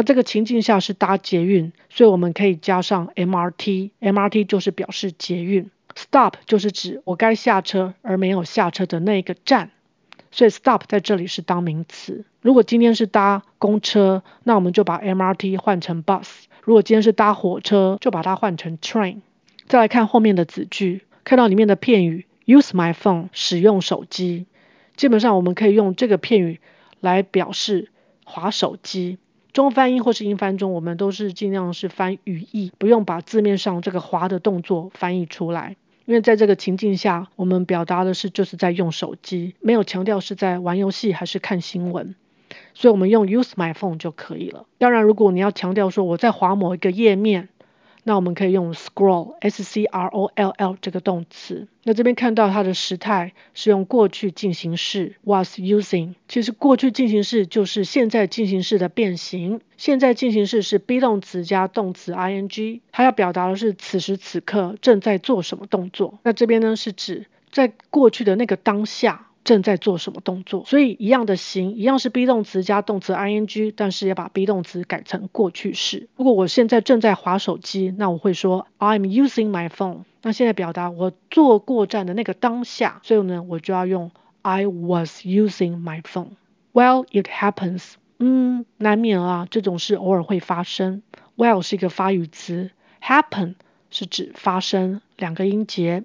那這個情境下是搭捷運，所以我們可以加上 MRT，MRT 就是表示捷運。Stop 就是指我該下車而沒有下車的那個站，所以 Stop 在這裡是當名詞。如果今天是搭公車，那我們就把 MRT 換成 bus；如果今天是搭火車，就把它換成 train。再來看後面的子句，看到裡面的片語 use my phone 使用手機，基本上我們可以用這個片語來表示滑手機。中翻英或是英翻中，我們都是盡量是翻語義，不用把字面上這個滑的動作翻譯出來，因為在這個情境下，我們表達的是就是在用手機，沒有強調是在玩遊戲還是看新聞，所以我們用 use my phone 就可以了。當然，如果你要強調說我在滑某一個頁面。那我們可以用 scroll s c r o l l 這個動詞。那這邊看到它的時態是用過去進行式 was using。其實過去進行式就是現在進行式的變形。現在進行式是 be 動詞加動詞 ing，它要表達的是此時此刻正在做什麼動作。那這邊呢是指在過去的那個當下，正在做什麼動作？所以一樣的形，一樣是 be 動詞加動詞 ing，但是要把 be 動詞改成過去式。如果我現在正在滑手機，那我會說 I'm using my phone。那現在表達我坐過站的那個當下，所以呢，我就要用 I was using my phone. Well, it happens. 嗯，難免啊，這種事偶爾會發生。Well 是一個發語詞，happen 是指發生，兩個音節。